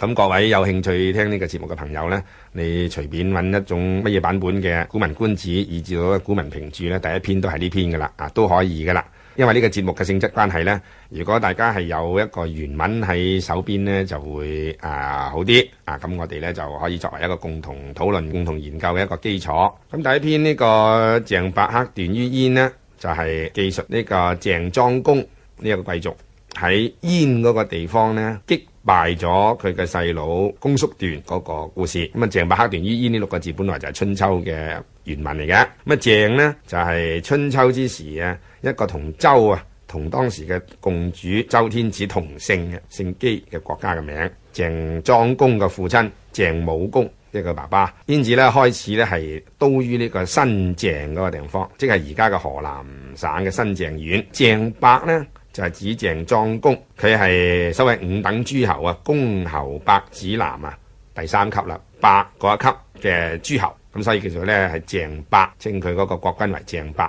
咁各位有興趣聽呢個節目嘅朋友呢，你隨便揾一種乜嘢版本嘅《古文觀止》以至到《古文評注》呢第一篇都係呢篇噶啦，啊都可以噶啦。因為呢個節目嘅性質關係呢，如果大家係有一個原文喺手邊呢，就會啊好啲啊。咁、啊、我哋呢，就可以作為一個共同討論、共同研究嘅一個基礎。咁第一篇呢個《鄭伯克段于鄢》呢，就係記述呢個鄭莊公呢一、呢個貴族喺鄢嗰個地方呢，激敗咗佢嘅細佬公叔段嗰個故事，咁啊鄭伯克段于鄢呢六個字本來就係春秋嘅原文嚟嘅。咁啊鄭咧就係春秋之時啊一個同周啊同當時嘅共主周天子同姓嘅姓姬嘅國家嘅名鄭莊公嘅父親鄭武公即係佢爸爸，因此咧開始咧係都於呢個新鄭嗰個地方，即係而家嘅河南省嘅新鄭縣。鄭伯呢。就係指鄭莊公，佢係收為五等諸侯啊，公侯伯子男啊，第三級啦，伯嗰一級嘅諸侯，咁所以叫做咧係鄭伯，稱佢嗰個國君為鄭伯。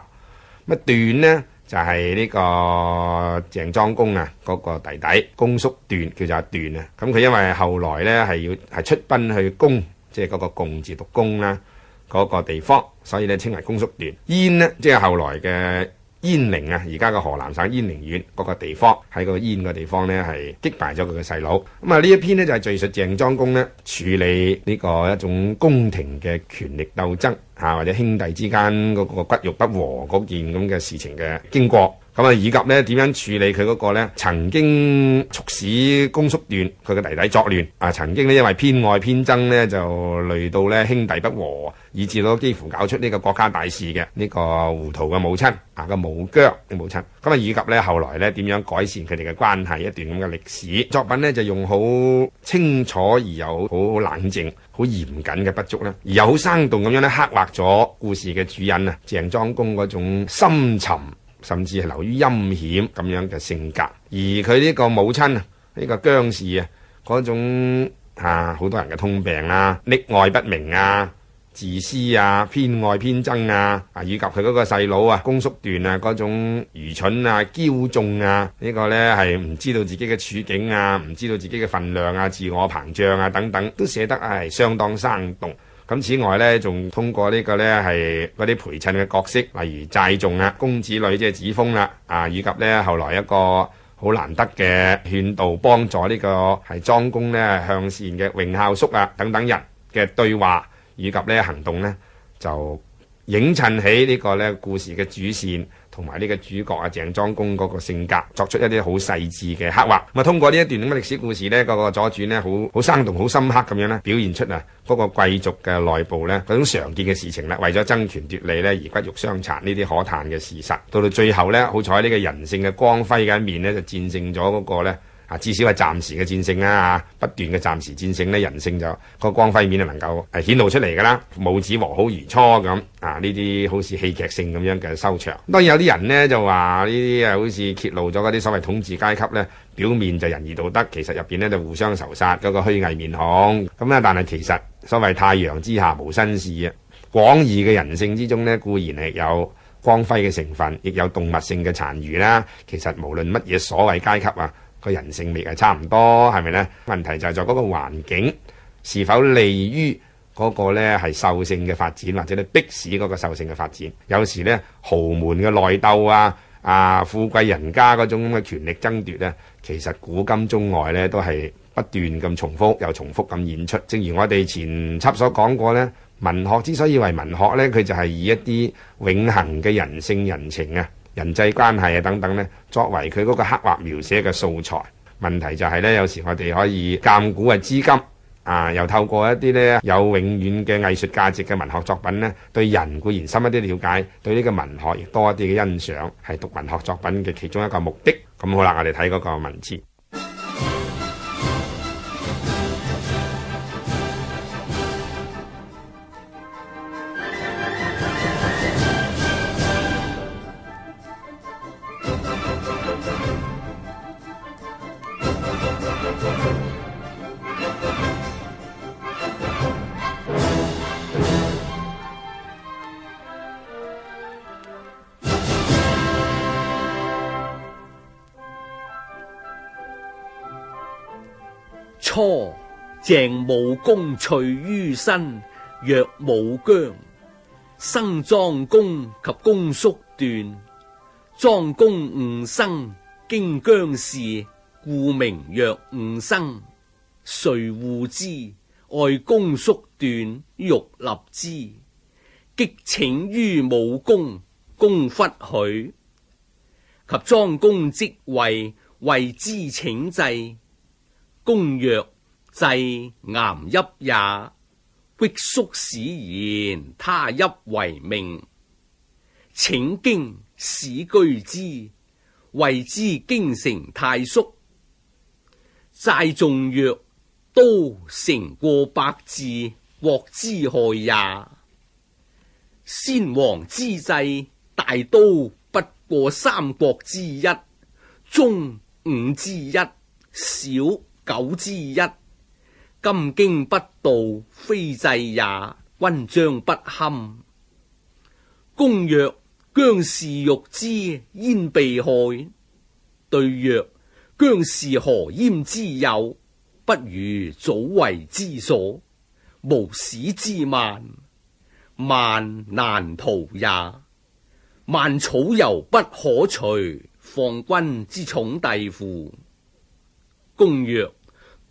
咁啊段咧就係呢個鄭莊公啊嗰個弟弟，公叔段叫做阿段啊。咁佢因為後來咧係要係出奔去攻，即係嗰個共字讀攻啦嗰個地方，所以咧稱為公叔段。鄢咧即係後來嘅鄢陵啊，而家嘅河南省鄢陵縣嗰個地方，喺個鄢嘅地方咧，係擊敗咗佢嘅細佬。咁啊呢一篇咧就係敘述鄭莊公咧處理呢個一種宮廷嘅權力鬥爭吓，或者兄弟之間嗰個骨肉不和嗰件咁嘅事情嘅經過。咁啊，以及呢點樣處理佢嗰個曾經促使公叔段佢嘅弟弟作亂啊！曾經呢因為偏愛偏憎呢就累到呢兄弟不和，以至到幾乎搞出呢個國家大事嘅呢個糊塗嘅母親啊，個無腳嘅母親。咁啊，以及呢後來呢點樣改善佢哋嘅關係，一段咁嘅歷史作品呢就用好清楚而有好冷靜、好嚴謹嘅不足而有好生動咁樣呢刻畫咗故事嘅主人啊，鄭莊公嗰種深沉。甚至係流於陰險咁樣嘅性格，而佢呢個母親啊，呢個姜氏啊，嗰種啊好多人嘅通病啊，溺愛不明啊，自私啊，偏愛偏憎啊，啊以及佢嗰個細佬啊，公叔段啊，嗰種愚蠢啊、驕縱啊，呢個咧係唔知道自己嘅處境啊、唔知道自己嘅份量啊、自我膨脹啊等等，都寫得係，哎，相當生動。咁此外呢，仲通過呢個呢係嗰啲陪襯嘅角色，例如祭仲啦、啊、公子呂即係子封啦、啊，啊以及呢後來一個好難得嘅勸導幫助呢、呢個係莊公呢向善嘅潁考叔啦、啊、等等人嘅對話，以及呢行動呢，就映襯起呢個呢故事嘅主線。同埋呢個主角啊，鄭莊公嗰個性格，作出一啲好細緻嘅刻畫。咁啊，通過呢一段咁嘅歷史故事呢，嗰個左傳呢，好好生動、好深刻咁樣咧，表現出啊嗰個貴族嘅內部呢，嗰種常見嘅事情啦，為咗爭權奪利呢，而骨肉相殘呢啲可嘆嘅事實。到到最後呢，好彩呢個人性嘅光輝嘅一面呢，就戰勝咗嗰個呢。啊！至少係暫時嘅戰勝啦，不斷嘅暫時戰勝呢，人性就嗰個光輝面就能夠誒顯露出嚟㗎啦，母子和好如初咁啊！呢啲好似戲劇性咁樣嘅收場。當然有啲人呢，就話呢啲好似揭露咗嗰啲所謂統治階級呢，表面就仁義道德，其實入面入邊呢就互相仇殺嗰個虛偽面孔咁。但係其實所謂太陽之下無新事啊，廣義嘅人性之中呢，固然係有光輝嘅成分，亦有動物性嘅殘餘啦。其實無論乜嘢所謂階級啊～個人性力係差唔多，係咪呢？問題就係在嗰個環境是否利於嗰個咧係獸性嘅發展，或者你逼使嗰個獸性嘅發展。有時呢，豪門嘅內鬥啊，啊富貴人家嗰種咁嘅權力爭奪呢，啊，其實古今中外呢都係不斷咁重複，又重複咁演出。正如我哋前輯所講過呢，文學之所以為文學呢，佢就係以一啲永恆嘅人性人情啊。人際關係啊等等呢，作為佢嗰個刻畫描寫嘅素材。問題就係呢：有時我哋可以鑑古嘅資金啊，又透過一啲呢有永遠嘅藝術價值嘅文學作品呢，對人固然深一啲了解，對呢個文學亦多一啲嘅欣賞，係讀文學作品嘅其中一個目的。咁好啦，我哋睇嗰個文字。武公娶于申，曰武姜。生莊公及公叔段。莊公寤生，驚姜氏，故名曰寤生。遂惡之，愛公叔段，欲立之。亟請於武公，公弗許。及莊公即位，為之請制。公曰：制，巖邑也，虢叔死焉，他邑唯命。請京，使居之，謂之京城大叔。祭仲曰：都城過百雉，國之害也。先王之制，大都不過三國之一，中五之一，小九之一。今京不度，非制也。君將不堪。公曰：姜氏欲之，焉避害？對曰：姜氏何焉之有？不如早為之所。無使滋蔓。』蔓難圖也。蔓草猶不可除，況君之寵弟乎？」公曰。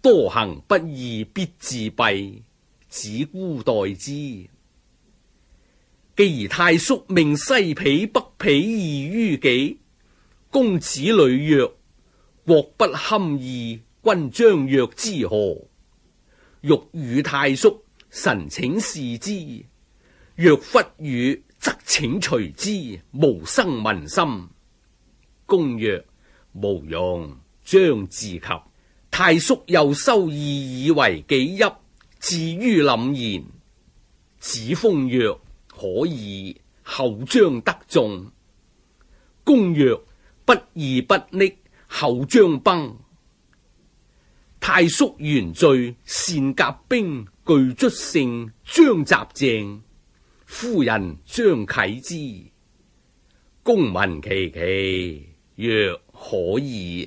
多行不義必自斃，子姑待之。既而太叔命西鄙北鄙而於己，公子呂曰：國不堪義，君將若之何？欲與太叔，臣請事之；若弗與，則請除之。無生民心。公曰：無用，將自及。太叔又收貳以為己邑，至于廩延。子封曰：“可矣，厚將得眾。”公曰：“不義不暱，厚將崩。”太叔完聚，繕甲兵，具卒乘，將襲鄭。夫人將啟之。公聞其期，曰：“可矣。”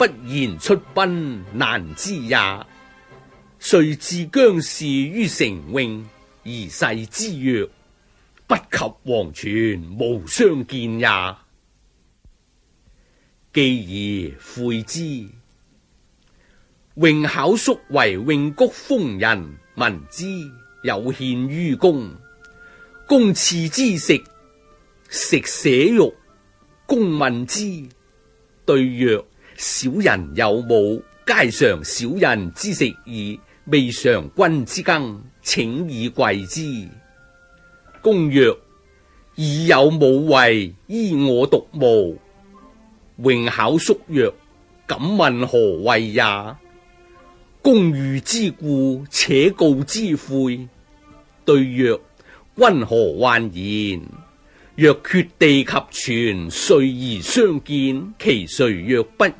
不言出奔，難之也。遂至姜氏于城潁而誓之。曰：不及黃泉，無相見也。既而悔之。潁考叔為潁谷封人，聞之，有獻於公，公賜之食，食舍肉。公問之，對曰：小人有母，皆嘗小人之食矣，未嘗君之羹，請以遺之。公曰：已有母遺，依我獨無？榮考叔曰：敢問何謂也？公語之故，且告之悔。對曰：君何患焉？若闕地及泉，隧而相見，其誰曰不然？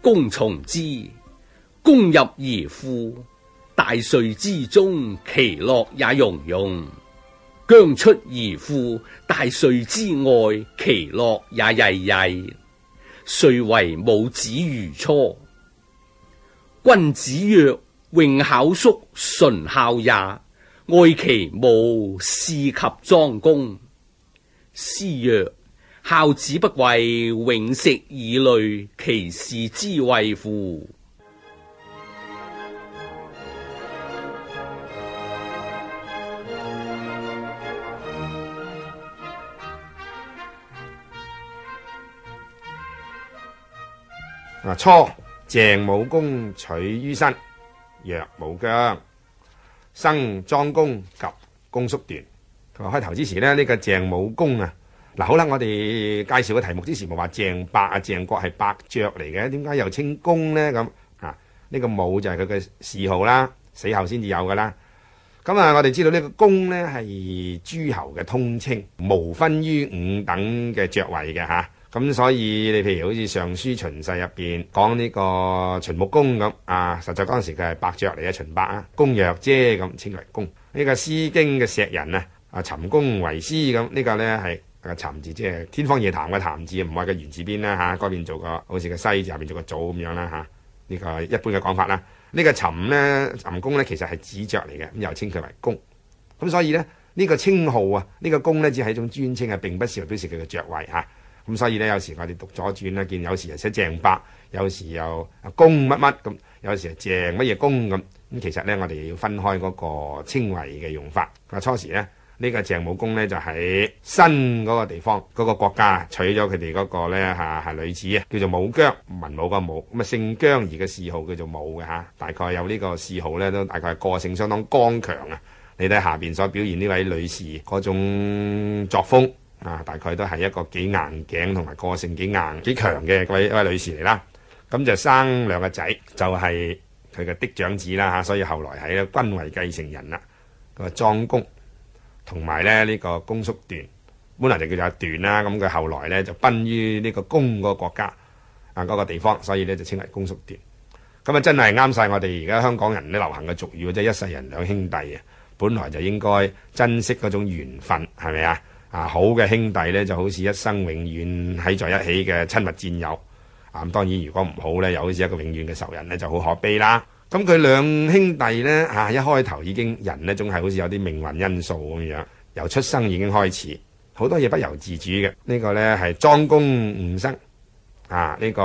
公從之，公入而賦，大隧之中，其樂也融融；姜出而賦，大隧之外，其樂也洩洩。遂為母子如初。君子曰：潁考叔，純孝也。愛其母，事及莊公。師曰：孝子不為永食，以累其事之謂乎？初，鄭武公取于身，若武姜。生莊公及公叔段。同埋開頭之時呢，呢、呢個鄭武公啊，嗱好啦，我哋介紹個題目之前說鄭，咪話鄭伯啊，鄭國係伯爵嚟嘅，點解又稱公呢？咁啊，呢個武就係佢嘅謚號啦，死後先至有噶啦。咁啊，我哋知道呢個公呢係諸侯嘅通稱，無分於五等嘅爵位嘅吓。咁所以你譬如好似《尚書秦誓》入面講呢個秦穆公咁啊，實在嗰陣時佢係伯爵嚟嘅秦伯啊，公爵啫咁稱為公。呢、這個《詩經》嘅碩人啊，啊譚公維私咁，這個、呢個咧係啊譚字即係天方夜譚嘅譚字，唔係個原字邊啦嚇，嗰、啊、邊做個好似個西字入面做個早咁樣啦呢、啊這個一般嘅講法啦，呢、這個譚呢，譚公呢其實係子爵嚟嘅，咁又稱佢為公。咁所以呢，呢、這個稱號啊，呢、這個公呢，只係一種尊稱啊，並不是表示佢嘅爵位、啊。咁所以咧，有時我哋讀左傳呢，見有時又寫鄭伯，有時又公乜乜咁，有時係鄭乜嘢公咁。咁其實咧，我哋要分開嗰個稱謂嘅用法。嗱，初時咧，這個、呢個鄭武公咧就喺、是、新嗰個地方嗰、那個國家娶咗佢哋嗰個咧，嚇係女子啊，叫做武姜文武個武。咁啊，姓姜而嘅謚號叫做武嘅嚇。大概有呢個謚號咧，都大概係個性相當剛強啊。你睇下面所表現呢位女士嗰種作風。啊，大概都係一個幾硬頸同埋個性幾硬幾強嘅一位一位女士嚟啦。咁就生兩個仔，就係佢嘅嫡長子啦嚇、啊，所以後來係君位繼承人啦個莊公同埋咧呢、呢個公叔段，本來就叫做阿段啦。咁、啊、佢後來呢就奔於呢個公個國家啊嗰、嗰個地方，所以呢就稱為公叔段。咁啊，真係啱晒我哋而家香港人啲流行嘅俗語，即、就、係、是、一世人兩兄弟啊，本來就應該珍惜嗰種緣分，係咪啊？啊，好嘅兄弟呢，就好似一生永遠喺在一起嘅親密戰友。啊，當然如果唔好呢，又好似一個永遠嘅仇人呢，就好可悲啦。咁佢兩兄弟呢，啊、一開頭已經人呢總係好似有啲命運因素咁樣，由出生已經開始，好多嘢不由自主嘅。呢、這個呢，係莊公寤生。啊，呢、這個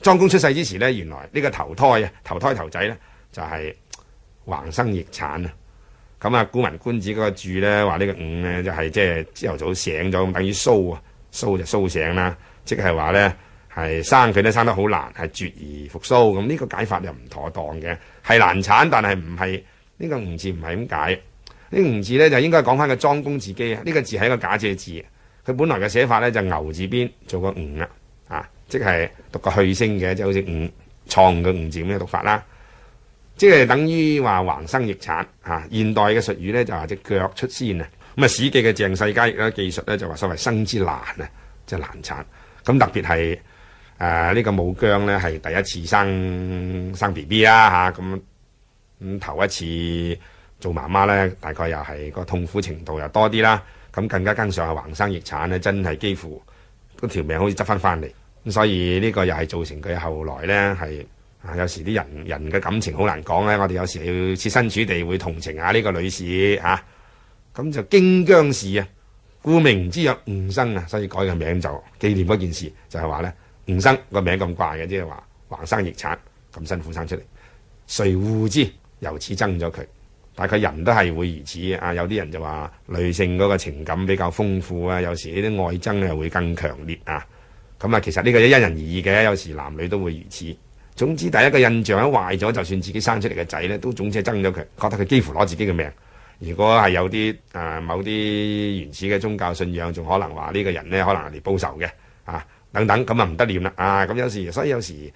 莊公出世之時呢，原來呢個頭胎啊，頭胎頭仔呢，就係、是、橫生逆產啊。咁啊，古文觀止嗰個注咧話呢個五咧就係即係朝頭早醒咗，咁等於蘇啊，蘇就蘇醒啦，即係話咧係生佢咧生得好難，係絕而復蘇咁，呢個解法又唔妥當嘅，係難產，但係唔係呢個五字唔係咁解，這個、呢個五字咧就應該講翻個莊公自己啊，呢、這個字係一個假借字，佢本來嘅寫法咧就是、牛字邊做個五啊，啊即係讀個去聲嘅，即、就是、好似五創嘅五字咁嘅讀法啦。即係等於話橫生逆產，吓，現代嘅術語咧就話隻腳出先啊！咁啊《史記》嘅鄭世家亦技術咧就話所謂生之難啊，即係難產。咁特別係誒呢個武姜咧，係第一次生生 B B 啦吓，咁咁頭一次做媽媽咧，大概又係個痛苦程度又多啲啦。咁更加跟上係橫生逆產咧，真係幾乎嗰條命好似執翻翻嚟。咁所以呢個又係造成佢後來咧係。是啊！有時啲人人嘅感情好難講咧，我哋有時要設身處地會同情下、啊、呢、個女士啊，咁就驚姜氏啊，故名之曰，寤生啊，所以改個名就紀念嗰件事就是說呢，就係話咧寤生個名咁怪嘅，即係話橫生逆產咁辛苦生出嚟，遂惡之，由此憎咗佢，但概人都係會如此啊！有啲人就話女性嗰個情感比較豐富啊，有時啲愛憎又會更強烈啊！咁啊，其實呢個是因人而異嘅，有時男女都會如此。總之，第一個印象一壞咗，就算自己生出嚟嘅仔呢，都總之係憎咗佢，覺得佢幾乎攞自己嘅命。如果係有啲、呃、某啲原始嘅宗教信仰，仲可能話呢個人呢，可能嚟報仇嘅啊等等，咁啊唔得掂啦啊！咁有時，所以有時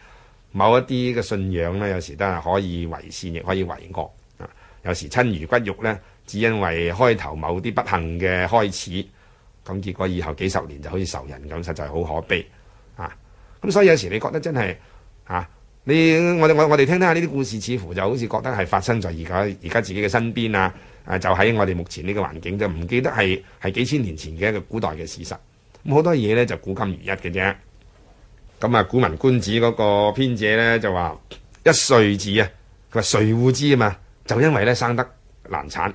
某一啲嘅信仰呢，有時都係可以為善，亦可以為惡啊。有時親如骨肉呢，只因為開頭某啲不幸嘅開始，咁、啊、結果以後幾十年就好似仇人咁，實在係好可悲啊！咁所以有時你覺得真係啊～你我我我哋聽聽下呢啲故事，似乎就好似覺得係發生在而家而家自己嘅身邊啊！就喺我哋目前呢個環境就唔記得係係幾千年前嘅一個古代嘅事實。咁好多嘢呢就古今如一嘅啫。咁啊，古文觀止嗰個編者呢，就話：一歲子啊，佢話歲互之啊嘛，就因為咧生得難產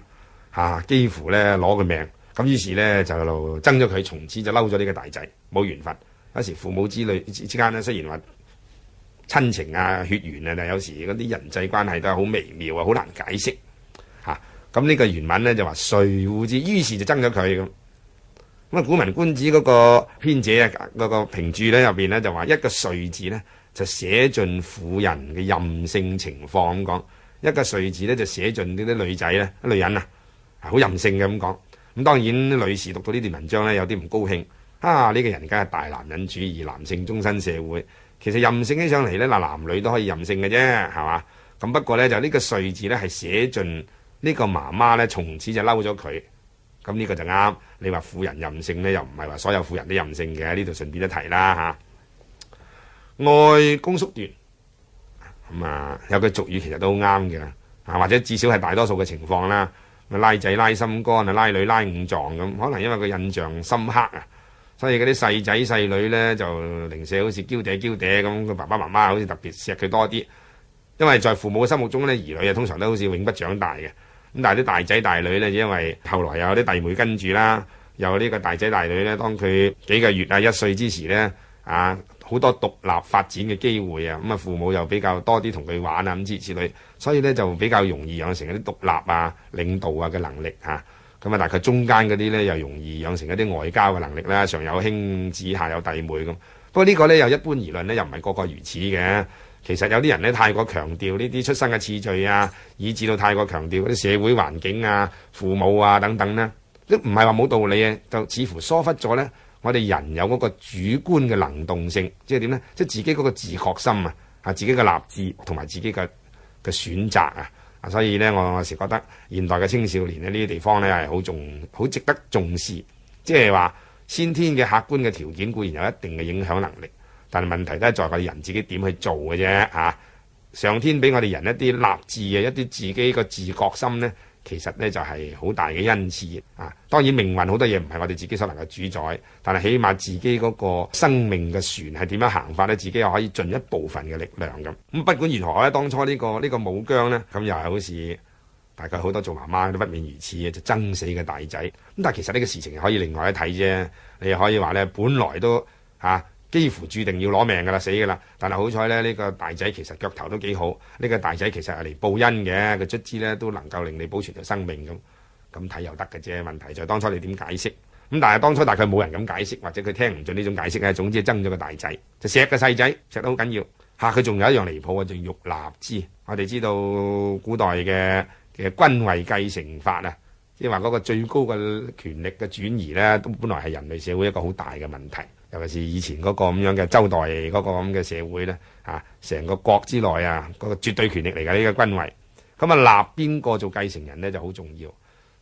啊幾乎咧攞個命。咁於是呢，就增咗佢，從此就嬲咗呢個大仔冇緣分。有時父母之類之間間咧，雖然話。親情啊、血緣啊，但有時嗰啲人際關係都係好微妙啊，好難解釋嚇。咁、啊、呢個原文呢，就話遂字，於是就憎咗佢咁。咁啊，古文觀止嗰個編者啊，嗰、嗰個評注咧入邊呢，面呢就話一個遂字呢，就寫盡婦人嘅任性情況咁講，一個遂字呢，就寫盡呢啲女仔呢，女人啊，好任性嘅咁講。咁、啊、當然女士讀到呢段文章呢，有啲唔高興，啊呢、呢個人梗係大男人主義、男性中心社會。其實任性起上嚟呢，嗱，男女都可以任性嘅啫，係嘛？咁不過呢，就呢個遂字呢，係寫盡呢個媽媽呢，從此就嬲咗佢，咁呢個就啱。你話婦人任性呢，又唔係話所有婦人都任性嘅，呢度順便一提啦吓。愛共叔段咁啊，有句俗語其實都啱嘅啊，或者至少係大多數嘅情況啦，咪拉仔拉心肝啊，拉女拉五臟咁，可能因為佢印象深刻啊。所以嗰啲細仔細女呢，就零舍好似嬌嗲嬌嗲咁，佢爸爸媽媽好似特別錫佢多啲。因為在父母嘅心目中呢，兒女啊通常都好似永不長大嘅。咁但係啲大仔大女呢，因為後來有啲弟妹跟住啦，有呢個大仔大女呢，當佢幾個月啊，一歲之時呢，啊好多獨立發展嘅機會啊，咁啊父母又比較多啲同佢玩啊，咁之類，所以呢，就比較容易養成一啲獨立啊、領導啊嘅能力嚇。咁啊，大概中間嗰啲咧，又容易養成一啲外交嘅能力啦，上有兄姊，下有弟妹咁。不過呢個咧，又一般而論咧，又唔係個個如此嘅。其實有啲人咧，太過強調呢啲出生嘅次序啊，以至到太過強調啲社會環境啊、父母啊等等呢，都唔係話冇道理啊。就似乎疏忽咗咧，我哋人有嗰個主觀嘅能動性，即係點咧？即係自己嗰個自覺心啊，啊，自己嘅立志同埋自己嘅嘅選擇啊。所以咧，我有時覺得現代嘅青少年呢呢啲地方咧係好重、好值得重視。即係話先天嘅客觀嘅條件固然有一定嘅影響能力，但係問題都係在我哋人自己點去做嘅啫、嚇、上天俾我哋人一啲立志嘅一啲自己個自覺心咧。其實呢，就係、是、好大嘅恩賜啊！當然命運好多嘢唔係我哋自己所能夠主宰，但係起碼自己嗰個生命嘅船係點樣行法呢？自己又可以盡一部分嘅力量咁。咁不管如何咧，當初呢、這個呢、這個武姜呢咁又係好似大概好多做媽媽都不免如此，就憎死嘅大仔。咁但其實呢個事情又可以另外一睇啫，你又可以話呢，本來都、啊幾乎注定要攞命噶啦，死噶啦！但係好彩咧，呢、這個大仔其實腳頭都幾好。呢、這個大仔其實係嚟報恩嘅，佢卒之咧都能夠令你保存條生命咁。咁睇又得嘅啫。問題就係當初你點解釋？咁但係當初大概冇人咁解釋，或者佢聽唔準呢種解釋嘅。總之憎咗個大仔，就錫個細仔錫得好緊要吓，佢仲有一樣離譜嘅，就是、欲立之。我哋知道古代嘅嘅君位繼承法啊，即係話嗰個最高嘅權力嘅轉移咧，都本來係人類社會一個好大嘅問題。尤其是以前嗰個咁樣嘅周代嗰個咁嘅社會咧，啊，成個國之內啊，嗰、那個絕對權力嚟㗎呢個君位。咁、嗯、啊立邊個做繼承人呢就好重要。咁、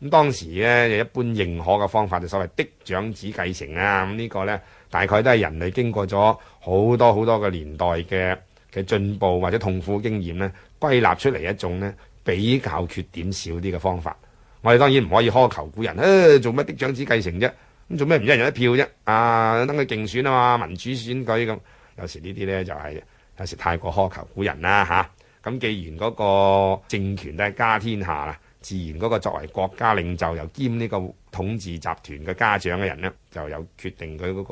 嗯、當時咧就一般認可嘅方法就是所謂嫡長子繼承啊，咁、嗯這個、呢個咧大概都係人類經過咗好多好多嘅年代嘅嘅進步或者痛苦經驗咧，歸納出嚟一種呢比較缺點少啲嘅方法。我哋當然唔可以苛求、求古人，誒、哎、做乜嫡長子繼承啫。咁做咩唔一人一票啫？啊，等佢競選啊嘛，民主選舉咁。有時呢啲呢，就係、係、有時太過苛求古人啦吓。咁既然嗰個政權都係家天下啦，自然嗰個作為國家領袖又兼呢個統治集團嘅家長嘅人呢，就有決定佢嗰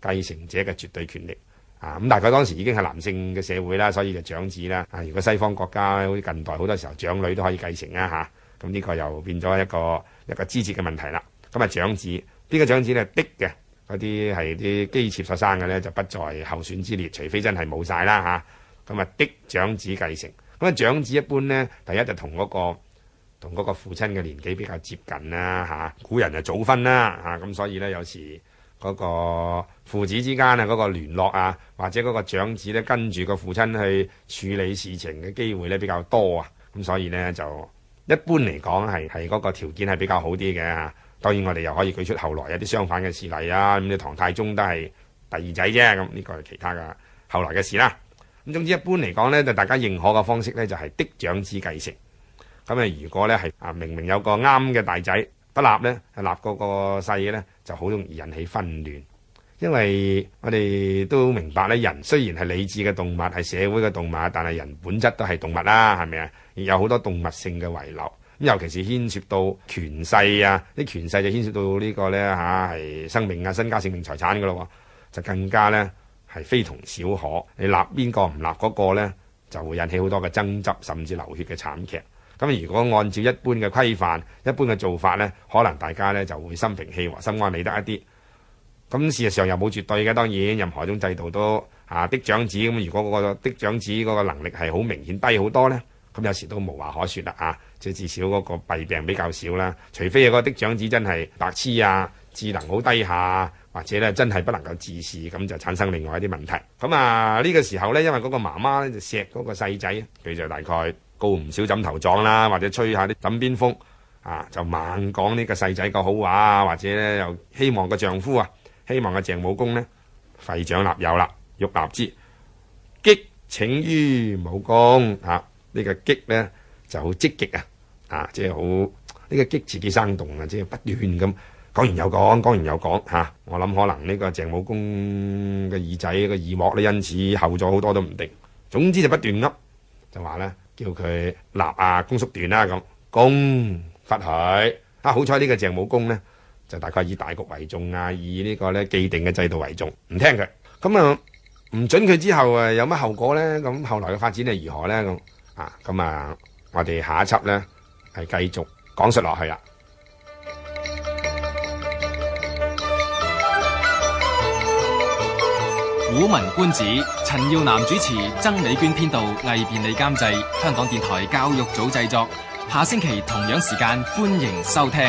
個繼承者嘅絕對權力啊。咁但係佢當時已經係男性嘅社會啦，所以就長子啦。啊，如果西方國家好似近代好多時候長女都可以繼承啊吓。咁呢個又變咗一個一個枝節嘅問題啦。咁啊長子。邊，那個長子咧的嘅嗰啲係啲姬妾所生嘅咧，就不在候選之列。除非真係冇晒啦嚇，咁啊的長子繼承。咁、那、啊、個、長子一般咧，第一就同嗰、那個同嗰個父親嘅年紀比較接近啦嚇、啊。古人就早婚啦嚇，咁所以咧有時嗰個父子之間啊嗰個聯絡啊，或者嗰個長子咧跟住個父親去處理事情嘅機會咧比較多啊。咁所以咧就一般嚟講係係嗰個條件係比較好啲嘅。當然，我哋又可以舉出後來有啲相反嘅事例啊！咁啲唐太宗都係第二仔啫，咁呢個係其他嘅後來嘅事啦。咁總之一般嚟講呢，就大家認可嘅方式呢，就係嫡長子繼承。咁啊，如果呢，係啊明明有個啱嘅大仔不立呢，立嗰個細嘅呢，就好容易引起紛亂。因為我哋都明白呢，人雖然係理智嘅動物，係社會嘅動物，但係人本質都係動物啦，係咪啊？有好多動物性嘅遺留。咁尤其是牽涉到權勢啊，啲權勢就牽涉到呢個呢，吓係生命啊、身家、性命、財產噶咯，就更加呢係非同小可。你立邊個唔立嗰個呢，就會引起好多嘅爭執，甚至流血嘅慘劇。咁如果按照一般嘅規範、一般嘅做法呢，可能大家呢就會心平氣和、心安理得一啲。咁事實上又冇絕對嘅，當然任何一種制度都啊的長子咁。如果個的長子嗰個能力係好明顯低好多呢，咁有時都無話可說啦啊！即至少嗰個弊病比較少啦，除非有嗰個的長子真係白痴啊，智能好低下，或者咧真係不能夠自視，咁就產生另外一啲問題。咁啊呢個時候呢，因為嗰個媽媽呢，就錫嗰個細仔，佢就大概告唔少枕頭狀啦，或者吹下啲枕邊風啊，就猛講呢個細仔嘅好話或者呢又希望個丈夫啊，希望阿鄭武公呢，廢長立幼啦，欲立之，亟請於武公嚇，呢、啊呢個亟呢。就好積極啊！啊，即係好呢個擊字幾生動啊！即係不斷咁講完又講，講完又講吓，我諗可能呢個鄭武公嘅耳仔個耳膜呢，因此厚咗好多都唔定。總之就不斷噏就話咧，叫佢立啊，共叔段啦，咁公罰佢啊。啊好彩呢個鄭武公呢，就大概以大局為重啊，以個呢個咧既定嘅制度為重，唔聽佢咁啊唔準佢之後啊有乜後果咧？咁後來嘅發展係如何咧？咁啊咁啊。我哋下一輯呢，係繼續講述落去啦。古文觀止，陳耀南主持，曾美娟編導，魏便利監製，香港電台教育組製作。下星期同樣時間，歡迎收聽。